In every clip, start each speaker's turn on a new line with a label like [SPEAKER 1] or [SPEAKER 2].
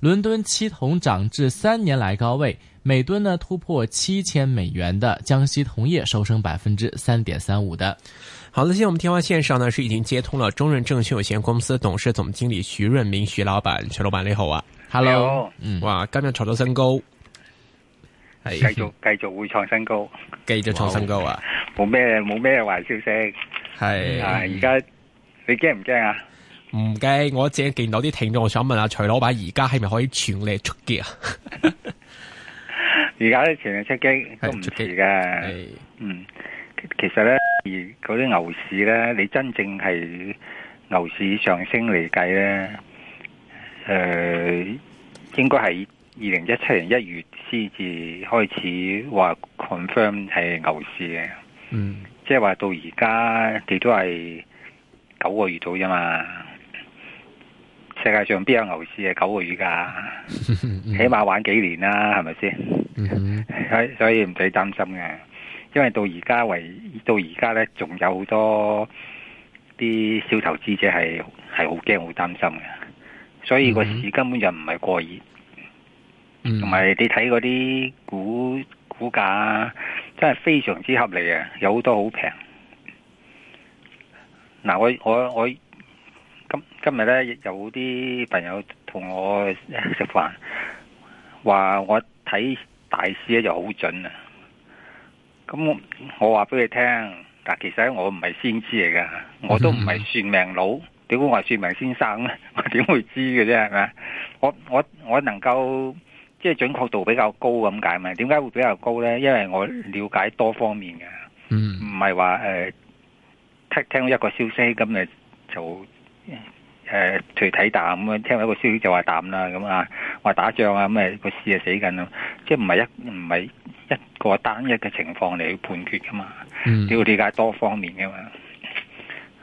[SPEAKER 1] 倫敦期銅漲至三年來高位，每噸呢突破七千美元的。江西銅業收升百分之三點三五的。好了，現在我們電話線上呢是已經接通了中潤證券有限公司董事總經理徐
[SPEAKER 2] 潤民徐老闆，徐老闆你好啊，Hello，嗯，哇，今日創到新高，係，繼續
[SPEAKER 3] 繼續會創新高，
[SPEAKER 2] 繼續創新高啊，
[SPEAKER 3] 冇咩冇咩壞消息，
[SPEAKER 2] 係啊，而
[SPEAKER 3] 家你驚唔驚啊？
[SPEAKER 2] 唔計，我自己見到啲聽眾，我想問下徐老闆，而家係咪可以全力出擊啊？
[SPEAKER 3] 而家咧全力出擊都唔遲嘅。嗯，其實咧，而嗰啲牛市咧，你真正係牛市上升嚟計咧，誒、呃，應該係二零一七年一月先至開始話 confirm 係牛市
[SPEAKER 4] 嘅。
[SPEAKER 3] 嗯，即係話到而家，亦都係九個月到啫嘛。世界上邊有牛市啊？九個月噶、啊， 起碼玩幾年啦、啊，係咪先？ 所以唔使擔心嘅，因為到而家為到而家呢，仲有好多啲小投資者係係好驚好擔心嘅，所以個市根本就唔係過熱。
[SPEAKER 4] 同埋
[SPEAKER 3] 你睇嗰啲股股價，真係非常之合理呀，有好多好平。嗱、啊，我我我。我今日咧有啲朋友同我食飯，話我睇大市咧就好準啊！咁我話俾你聽，但其實我唔係先知嚟噶，我都唔係算命佬，點會話算命先生咧？我點會知嘅啫？係咪？我我我能夠即係準確度比較高咁解嘛？點解會比較高咧？因為我了解多方面嘅，唔係話誒聽聽到一個消息咁你就。誒，除睇、呃、淡咁啊，聽一個消息就話淡啦，咁啊，話打仗啊，咁啊，個市啊死緊咯，即係唔係一唔係一個單一嘅情況嚟去判決噶嘛，嗯、要理解多方面噶嘛。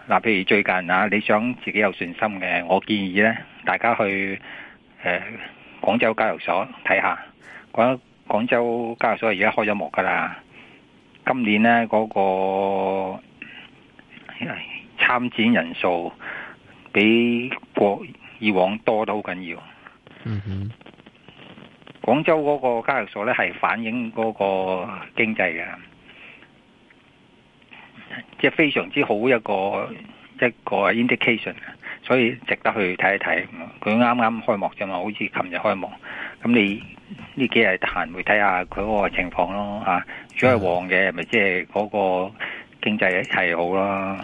[SPEAKER 3] 嗱、啊，譬如最近啊，你想自己有信心嘅，我建議咧，大家去誒廣、呃、州交易所睇下，廣廣州交易所而家開咗幕噶啦，今年咧嗰、那個參展人數。比過以往多都好緊要。嗯
[SPEAKER 4] 哼，
[SPEAKER 3] 廣州嗰個交易所咧係反映嗰個經濟嘅，即係非常之好一個一個 indication，所以值得去睇一睇。佢啱啱開幕啫嘛，好似琴日開幕。咁你呢幾日得閒會睇下佢嗰個情況咯吓。主要係旺嘅，咪即係嗰個經濟係好啦。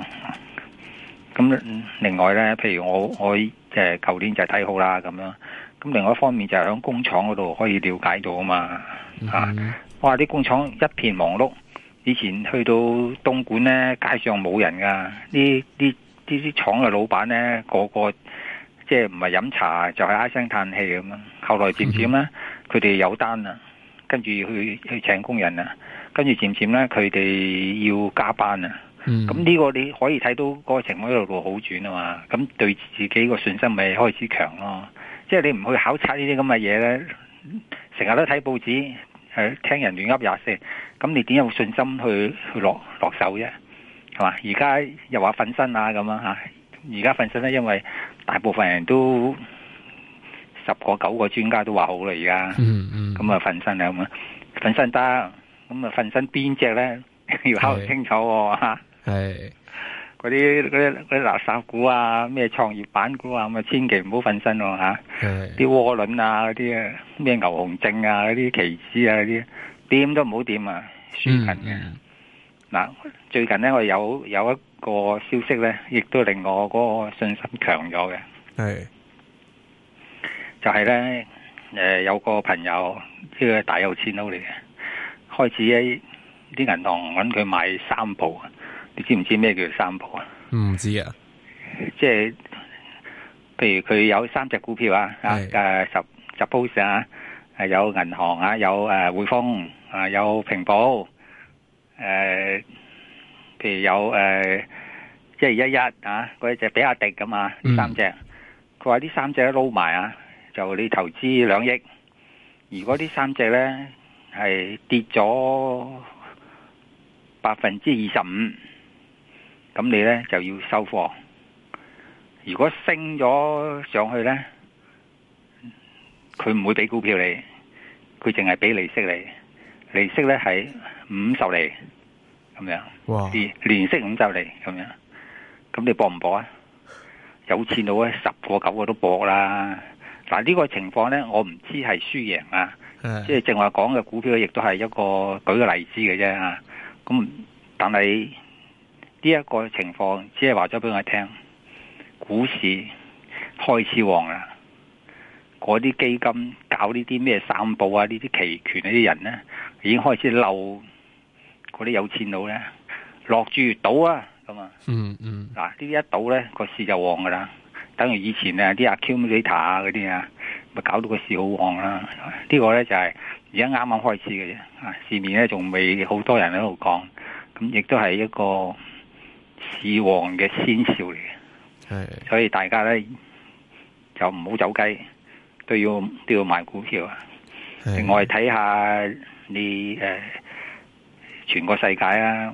[SPEAKER 3] 咁另外呢，譬如我我即係舊年就睇好啦，咁樣。咁另外一方面就係響工廠嗰度可以了解到啊嘛，嚇的、啊！哇！啲工廠一片忙碌。以前去到東莞呢，街上冇人噶，啲啲啲廠嘅老闆呢，個個即係唔係飲茶，就係、是、唉聲嘆氣咁樣。後來漸漸呢，佢哋 有單啦，跟住去去請工人啦，跟住漸漸呢，佢哋要加班啊。咁呢、嗯、個你可以睇到個個情況一路好轉啊嘛，咁對自己個信心咪開始強咯。即、就、係、是、你唔去考察呢啲咁嘅嘢咧，成日都睇報紙，誒、呃、聽人亂噏廿四，咁你點有信心去去落落手啫？係嘛？而家又話瞓身啊咁啊吓，而家瞓身咧，因為大部分人都十個九個專家都話好啦，而家、嗯，嗯嗯，咁啊瞓身啦咁啊，瞓身得，咁啊瞓身邊隻咧要考清楚吓、啊。
[SPEAKER 4] 係
[SPEAKER 3] 嗰啲啲啲垃圾股啊，咩創業板股啊，咁啊千祈唔好瞓身咯吓！啲渦輪啊，嗰啲是啊，咩牛熊證啊，嗰啲期指啊，嗰啲掂都唔好掂啊，
[SPEAKER 4] 輸緊嘅。嗱、嗯，
[SPEAKER 3] 嗯、最近呢，我有有一個消息咧，亦都令我嗰個信心強咗嘅。係
[SPEAKER 4] 是，
[SPEAKER 3] 就係咧，誒，有個朋友，即係大有錢佬嚟嘅，開始喺啲銀行搵佢買三鋪啊。你知唔知咩叫三保啊？唔知啊，即係譬如佢有三隻股票啊，誒，十十 pos 啊，係、啊啊啊啊啊、有銀行啊，有誒、啊、匯豐啊，有平保誒、啊，譬如有誒、啊，即係一一啊，嗰隻比亞迪咁嘛，三隻，佢話呢三隻撈埋啊，就你投資兩億，如果呢三隻咧係跌咗百分之二十五。咁你咧就要收貨，如果升咗上去咧，佢唔會俾股票你，佢淨係俾利息你，利息咧係五十厘咁
[SPEAKER 4] 樣，
[SPEAKER 3] 哇連息五十厘咁樣，咁你博唔博啊？有錢佬咧十個九個都博啦，但係呢個情況咧，我唔知係輸贏啊，即係正話講嘅股票亦都係一個舉個例子嘅啫啊，咁但係。呢一個情況，只係話咗俾我聽，股市開始旺啦。嗰啲基金搞呢啲咩散步啊，這些呢啲期權呢啲人咧，已經開始漏，嗰啲有錢佬咧落住賭啊，咁、嗯嗯、啊。
[SPEAKER 4] 嗯
[SPEAKER 3] 嗯，嗱，呢啲一倒咧，個市就旺噶啦。等於以前啊，啲 Accumulator 啊嗰啲啊，咪搞到個市好旺啦。呢個咧就係而家啱啱開始嘅啫。啊，市面咧仲未好多人喺度講，咁、嗯、亦都係一個。市旺嘅先兆嚟嘅，係。是的 所以大家咧就唔好走雞，都要都要買股票啊。是的 另外睇下你誒、呃，全個世界啊，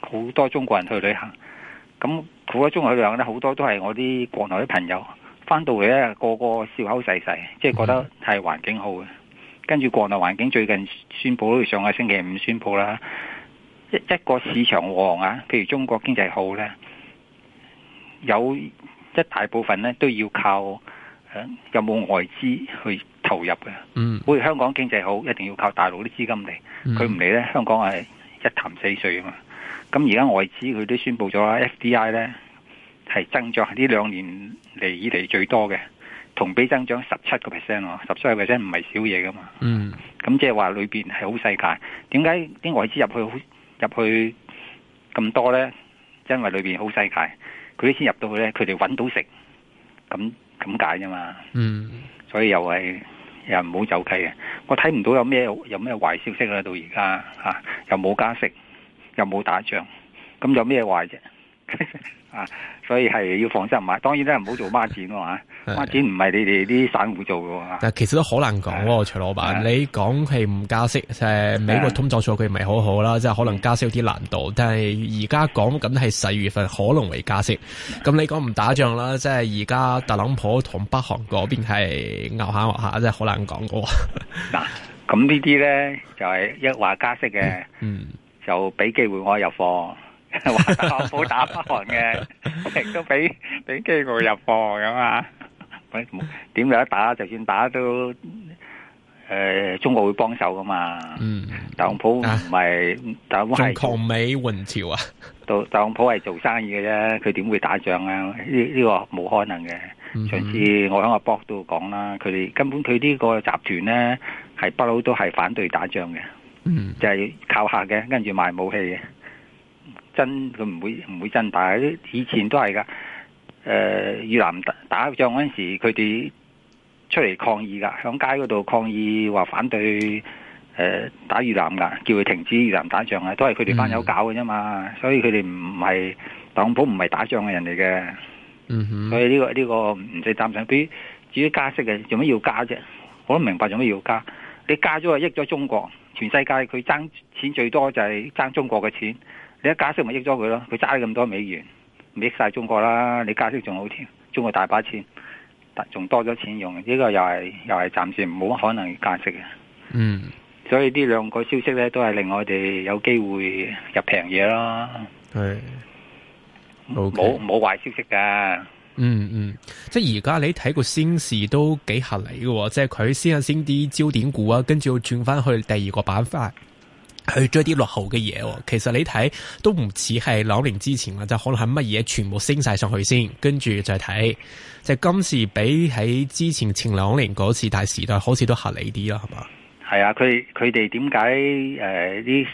[SPEAKER 3] 好多中國人去旅行，咁、嗯、好、嗯、多中國人去旅行咧，好多都係我啲國內啲朋友翻到嚟咧，個個笑口噬噬，即係覺得係環境好嘅。跟住國內環境最近宣布，上個星期五宣布啦。一個市場旺啊，譬如中國經濟好咧，有一大部分咧都要靠，啊，有冇外資去投入嘅。嗯，譬如香港經濟好，一定要靠大陸啲資金嚟，佢唔嚟咧，香港係一潭死水啊嘛。咁而家外資佢都宣布咗啦，FDI 咧係增長呢兩年嚟以嚟最多嘅，同比增長十七個 percent 喎，十七個 percent 唔係少嘢，噶嘛。嗯，咁即係話裏邊係好世界，點解啲外資入去好？入去咁多呢，因為裏邊好世界，佢啲先入到去呢，佢哋搵到食，咁咁解啫嘛。嗯，mm. 所以又係又唔好走雞嘅，我睇唔到有咩有咩壞消息啦。到而家吓又冇加息，又冇打仗，咁有咩壞啫？ 啊，所以係要放心買，當然都係唔好做孖展嘅、啊、嘛，孖展唔係你哋啲散戶做嘅、
[SPEAKER 2] 啊。但係是其實都好難講喎，是徐老闆，是你講係唔加息，誒、就是，美國通脹數據唔係好好啦，即係是可能加息有啲難度。是但係而家講緊係十月份可能會加息。咁是你講唔打仗啦，即係而家特朗普同北韓嗰邊係拗下話下，真係好難講嘅。嗱，
[SPEAKER 3] 咁呢啲咧就係、是、一話加息嘅，嗯嗯、就俾機會我入貨。特朗普打北韓嘅，都俾俾機會入貨噶嘛？點有得打？就算打都誒，中國會幫手噶嘛？嗯，特朗普唔係，特朗普係。從抗美援朝啊，到特朗普係做生意嘅啫，佢點會打仗啊？呢呢個冇可能嘅。上次我喺個 blog 度講啦，佢哋根本佢呢個集團咧係不嬲都係反對打仗嘅。嗯，就係靠嚇嘅，跟住賣武器嘅。真佢唔會唔會真但啲？以前都係噶。誒、呃，越南打，打仗嗰陣時，佢哋出嚟抗議噶，響街嗰度抗議話反對誒、呃、打越南噶，叫佢停止越南打仗啊。都係佢哋班友搞嘅啫嘛。嗯、哼所以佢哋唔係黨普，唔係打仗嘅人嚟嘅。嗯哼所以呢、這個呢、這個唔使擔心，比如至於加息嘅，做咩要加啫？我都明白做咩要加。你加咗就益咗中國，全世界佢爭錢最多就係爭中國嘅錢。你一加息咪益咗佢咯？佢揸咗咁多美元，咪益晒中國啦！你加息仲好添，中國大把錢，但仲多咗錢用，呢個又係又係暫時冇可能要加息嘅。嗯，所以呢兩個消息咧都係令我哋有機會入平嘢啦。
[SPEAKER 2] 係，冇
[SPEAKER 3] 冇壞消息噶。嗯嗯，
[SPEAKER 2] 即係而家你睇個升市都幾合理嘅，即係佢先下先啲焦點股啊，跟住又轉翻去第二個板塊。去追啲落後嘅嘢，其實你睇都唔似係兩年之前啦，就可能係乜嘢全部升晒上去先，跟住再睇，就是、今時比喺之前前兩年嗰次大時代好似都合理啲啦，係嘛？
[SPEAKER 3] 係啊，佢佢哋點解誒啲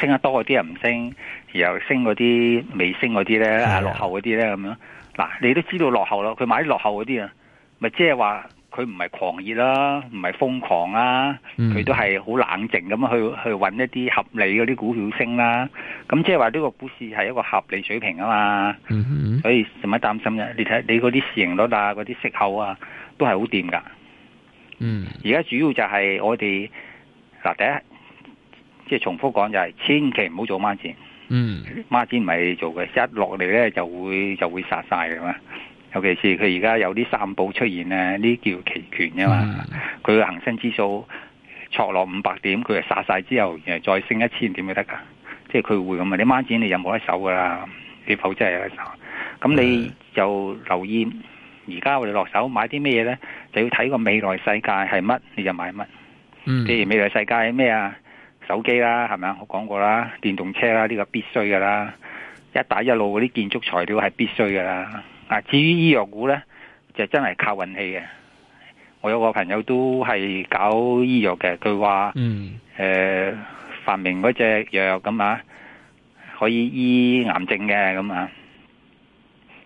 [SPEAKER 3] 升得多嗰啲又唔升，然後升嗰啲未升嗰啲咧，是啊、落後嗰啲咧咁樣？嗱，你都知道落後咯，佢買啲落後嗰啲啊，咪即係話。佢唔係狂熱啦、啊，唔係瘋狂啦、啊，佢都係好冷靜咁去去揾一啲合理嗰啲股票升啦、啊。咁即係話呢個股市係一個合理水平啊嘛，mm hmm. 所以唔使擔心啫、啊。你睇你嗰啲市盈率啊，嗰啲息口啊，都係好掂噶。嗯、mm，而、hmm. 家主要就係我哋嗱第一，即、就、係、是、重複講就係、是、千祈唔好做孖展。嗯、mm，孖展唔係做嘅，一落嚟咧就會就會殺曬嘅嘛。尤其是佢而家有啲三保出現咧，呢啲叫期權㗎嘛。佢個恆生指數挫落五百點，佢就殺曬之後，然後再升一千點就得㗎。即係佢會咁啊！你掹錢你又冇得手㗎啦，你否真係有得手。咁你就留意，而家、嗯、我哋落手買啲咩嘢咧，就要睇個未來世界係乜，你就買乜。
[SPEAKER 4] 嗯、即係
[SPEAKER 3] 未來世界咩啊？手機啦，係咪啊？我講過啦，電動車啦，呢、呢個必須㗎啦。一帶一路嗰啲建築材料係必須㗎啦。啊，至於醫藥股咧，就真係靠運氣嘅。我有個朋友都係搞醫藥嘅，佢話，誒、嗯呃，發明嗰隻藥咁啊，可以醫癌症嘅咁啊。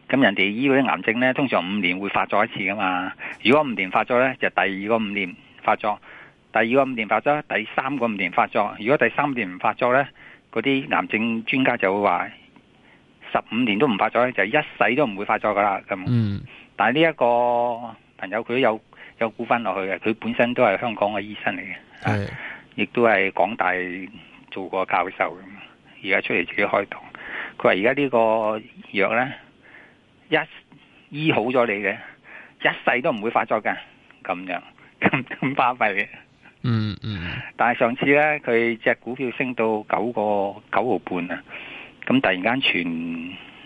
[SPEAKER 3] 咁人哋醫嗰啲癌症咧，通常五年會發作一次噶嘛。如果五年發作咧，就第二個五年發作，第二個五年發作，第三個五年發作。如果第三年唔發作咧，嗰啲癌症專家就會話。十五年都唔發作咧，就一世都唔會發作噶啦。咁、嗯，但係呢一個朋友佢有有股份落去嘅，佢本身都係香港嘅醫生嚟
[SPEAKER 4] 嘅，
[SPEAKER 3] 亦都係港大做過教授。而家出嚟自己開堂，佢話而家呢個藥咧一醫好咗你嘅，一世都唔會發作噶，咁樣咁巴閉嘅。嗯嗯，但係上次咧，佢隻股票升到九個九毫半啊。咁突然間全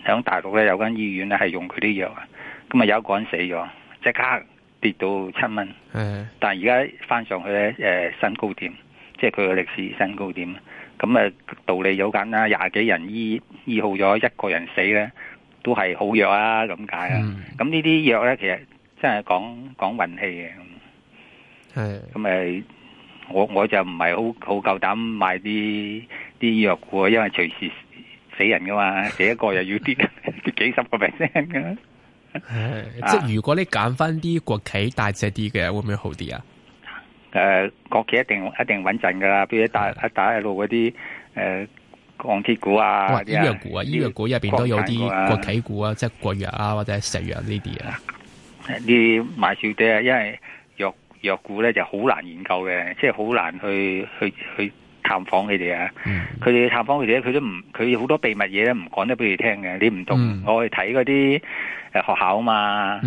[SPEAKER 3] 喺大陸咧有間醫院咧係用佢啲藥啊，咁啊有一個人死咗，即刻跌到七蚊。嗯。是的 但係而家翻上去咧，誒、呃、新高點，即係佢嘅歷史新高點。咁啊道理有簡單，廿幾人醫醫好咗，一個人死咧都係好藥啊，咁解啊。咁、嗯、呢啲藥咧，其實真係講講運氣嘅。係。咁誒是的，我我就唔係好好夠膽買啲啲藥股，因為隨時。死人噶嘛，死一個又要跌，跌 幾十個 percent
[SPEAKER 2] 噶。即係如果你揀翻啲國企大隻啲嘅，會唔會好啲啊？誒、 啊，
[SPEAKER 3] 國企一定一定穩陣噶啦，比如打一的打一路嗰啲誒鋼鐵股啊，啲啊哇醫藥股啊，些醫藥股入邊都有啲國企
[SPEAKER 2] 股啊，即係國藥啊或者石藥呢啲啊。
[SPEAKER 3] 啲、啊、買少啲啊，因為藥藥股咧就好、是、難研究嘅，即係好難去去去。去探訪佢哋啊，佢哋探訪佢哋，佢都唔，佢好多秘密嘢咧，唔講得俾你聽嘅，你唔同。嗯、我去睇嗰啲誒學校啊嘛，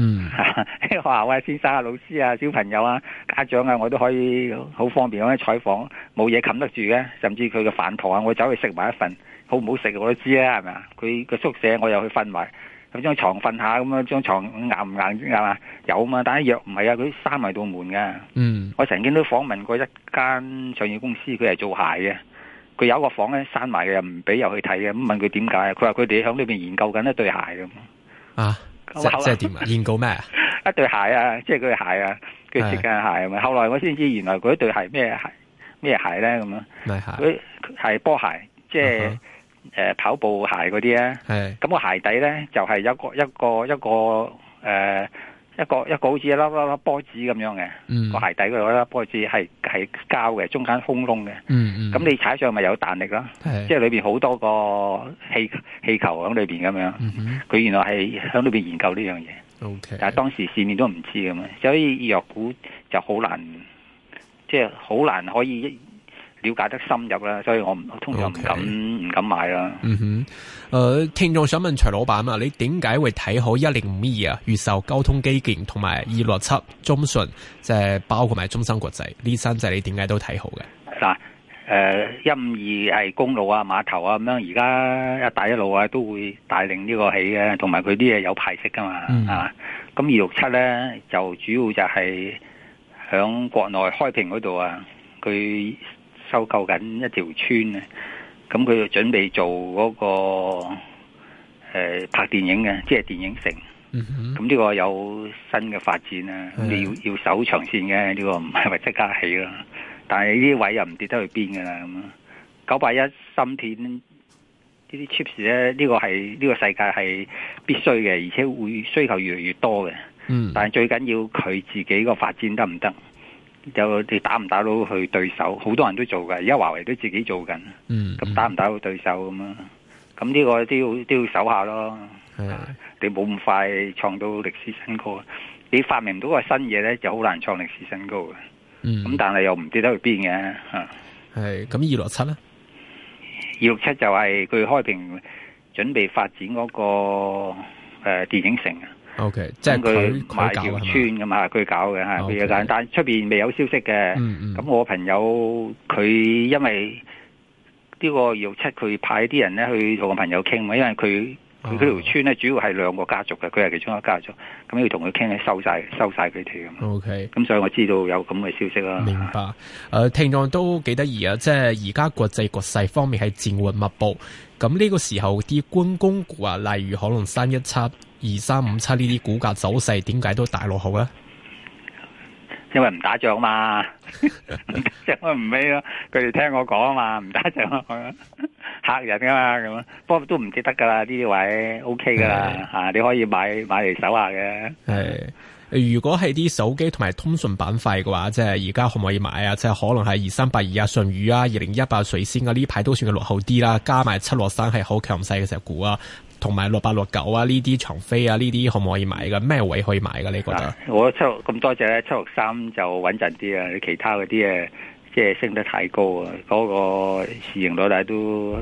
[SPEAKER 3] 學校喂先生啊、老師啊、小朋友啊、家長啊，我都可以好方便咁樣採訪，冇嘢冚得住嘅。甚至佢嘅飯堂啊，我走去食埋一份，好唔好食、啊、我都知呀。係咪啊？佢個宿舍我又去瞓埋。喺張床瞓下咁啊，張床硬唔硬硬嘛？有啊嘛，但係若唔係啊，佢閂埋道門㗎。嗯，我曾經都訪問過一間創業公司，佢係做鞋嘅。佢有一個房咧閂埋嘅，又唔俾入去睇嘅。咁問佢點解？佢話佢哋喺裏邊研究緊一對鞋咁。啊，
[SPEAKER 2] 即係點啊？研究咩啊？一
[SPEAKER 3] 對鞋啊，即係佢嘅鞋啊，
[SPEAKER 2] 佢設計嘅
[SPEAKER 3] 鞋啊嘛。後來我先知原來嗰對鞋咩
[SPEAKER 4] 鞋？
[SPEAKER 3] 咩鞋咧咁啊？咩鞋？佢係波鞋，即係。誒、呃，跑步鞋嗰啲咧，咁個是鞋底咧就係、是、一個一個一個誒，一個，一個、呃、一個一個一個好似粒粒粒波子咁樣嘅，個、嗯、鞋底嗰粒波子係係膠嘅，中間空窿嘅。咁、嗯嗯、你踩上去咪有彈力啦，是即係裏邊好多個氣氣球響裏邊咁樣。佢、嗯、哼原來係響裏邊研究呢樣嘢，Okay 但係當時市面都唔知咁嘛，所以醫藥股就好難，即係好難可以瞭解得深入啦，所以我唔通常唔敢唔 Okay. 敢買啦。嗯哼，
[SPEAKER 2] 誒、呃，聽眾想問徐老闆啊，你點解會睇好一零五二啊？越秀交通基建同埋二六七、中信，即、就、係、是、包括埋中芯國際呢三隻，你點解都睇好嘅？嗱，
[SPEAKER 3] 誒，一五二係公路啊、碼頭啊咁樣，而家一帶一路啊都會帶領呢個起嘅，同埋佢啲嘢有派息㗎嘛，嗯、哼啊，咁二六七咧就主要就係喺國內開平嗰度啊，佢。收購緊一條村啊！咁佢就準備做嗰、那個誒、呃、拍電影嘅，即係電影城。咁呢、嗯嗯、個有新嘅發展啊！嗯、你要要守長線嘅，呢、這個唔係咪即刻起啦。但係呢位又唔跌得去邊噶啦咁。九八一芯片呢啲 chips 咧，呢、這個係呢、這個世界係必須嘅，而且會需求越嚟越多嘅。嗯、但係最緊要佢自己個發展得唔得？有你打唔打到佢對手？好多人都做㗎。而家華為都自己做緊。嗯。咁打唔打到對手咁啊？咁呢、嗯、個都，都要守下咯。係啊，你冇咁快創到歷史新高。你發明到個新嘢咧，就好難創歷史新高嘅。嗯。咁但係又唔知得去邊嘅嚇。
[SPEAKER 2] 係。咁二六七咧？二
[SPEAKER 3] 六七就係佢開平準備發展嗰、嗰個、呃、電影城啊。
[SPEAKER 2] O、okay, K，即係佢買條村
[SPEAKER 3] 咁嘛，佢搞嘅吓。但但出邊未有消息嘅。咁 Okay. 我朋友佢因為呢個二六七，佢派啲人咧去同我朋友傾嘛，因為佢。佢嗰條村咧，主要係兩個家族嘅，佢係其中一家族，咁要同佢傾咧收晒，收晒佢哋咁。O K，咁所以我知道有咁嘅消息啦。明
[SPEAKER 2] 白。誒、呃，聽眾都幾得意啊！即係而家國際局勢方面係戰雲密布，咁呢個時候啲軍工股啊，例如可能三一七、二三五七呢啲股價走勢，點解都大落後呀？
[SPEAKER 3] 因為唔打仗嘛，即係唔咩咯，佢哋聽我講啊嘛，唔打仗啊。客人噶嘛咁，不過都唔值得噶啦，呢啲位，OK 噶啦嚇，你可以買買嚟守下嘅。
[SPEAKER 2] 係如果係啲手機同埋通訊板塊嘅話，即係而家可唔可以買可啊？即係可能係二三八二啊，舜宇啊，二零一八瑞聲啊，呢排都算係落後啲啦。加埋七六三係好強勢嘅隻股啊，同埋六八六九啊，呢啲長飛啊，呢啲可唔可以買噶？咩位可以買噶？你覺得？
[SPEAKER 3] 啊、我七六咁多隻咧，七六三就穩陣啲啊，其他嗰啲誒。即係升得太高啊！嗰、那個市盈率大都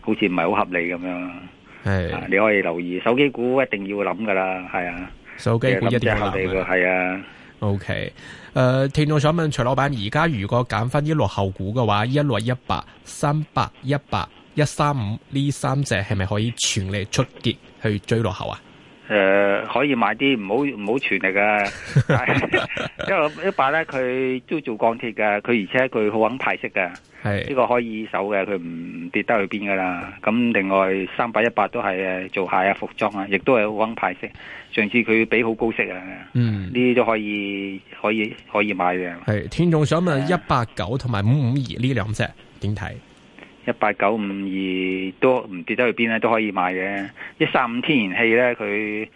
[SPEAKER 3] 好似唔係好合理咁樣。
[SPEAKER 2] 係的，你
[SPEAKER 3] 可以留意手機股一定要諗㗎啦。係啊，
[SPEAKER 2] 手機股一定要諗嘅。係啊。OK，誒，聽眾的想，想、okay. 呃、問徐老闆，而家如果揀翻啲落後股嘅話，一六一八、三八一八、一三五呢三隻係咪可以全力出擊去追落後啊？
[SPEAKER 3] 誒、呃，可以買啲唔好唔好全力嘅，因為 一百咧佢都做鋼鐵嘅，佢而且佢好穩派息嘅，
[SPEAKER 2] 呢
[SPEAKER 3] 是個可以守嘅，佢唔跌得去邊噶啦。咁另外三百一八都係誒做鞋啊、服裝啊，亦都係好穩派息。上次佢俾好高息啊，嗯，呢啲都可以可以可以買嘅。
[SPEAKER 2] 係聽眾想問一八九同埋五五二呢兩隻點睇？是
[SPEAKER 3] 一八九五二都唔跌得去邊咧，都可以買嘅。一三五天然氣咧，佢誒、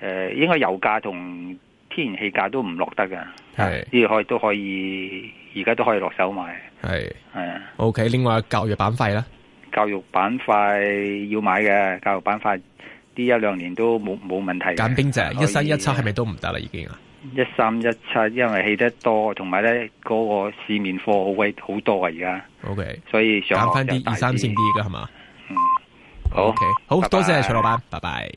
[SPEAKER 3] 呃，應該油價同天然氣價都唔落得
[SPEAKER 2] 嘅，
[SPEAKER 4] 係
[SPEAKER 3] 是，呢個可以都可以，而家都可以落手買。
[SPEAKER 2] 係係啊。是 OK，另外教育板塊啦，
[SPEAKER 3] 教育板塊要買嘅，教育板塊呢一兩年都冇冇問題。簡冰姐，以一三一
[SPEAKER 2] 七係咪都唔得啦？已經
[SPEAKER 3] 一三一七，17，因為起得多，同埋咧嗰個市面貨好貴好多啊！而家
[SPEAKER 2] ，OK，
[SPEAKER 4] 所以
[SPEAKER 3] 減翻啲，
[SPEAKER 2] 二三線啲㗎，係嘛、嗯、？OK，好多謝徐老闆，
[SPEAKER 4] 拜拜。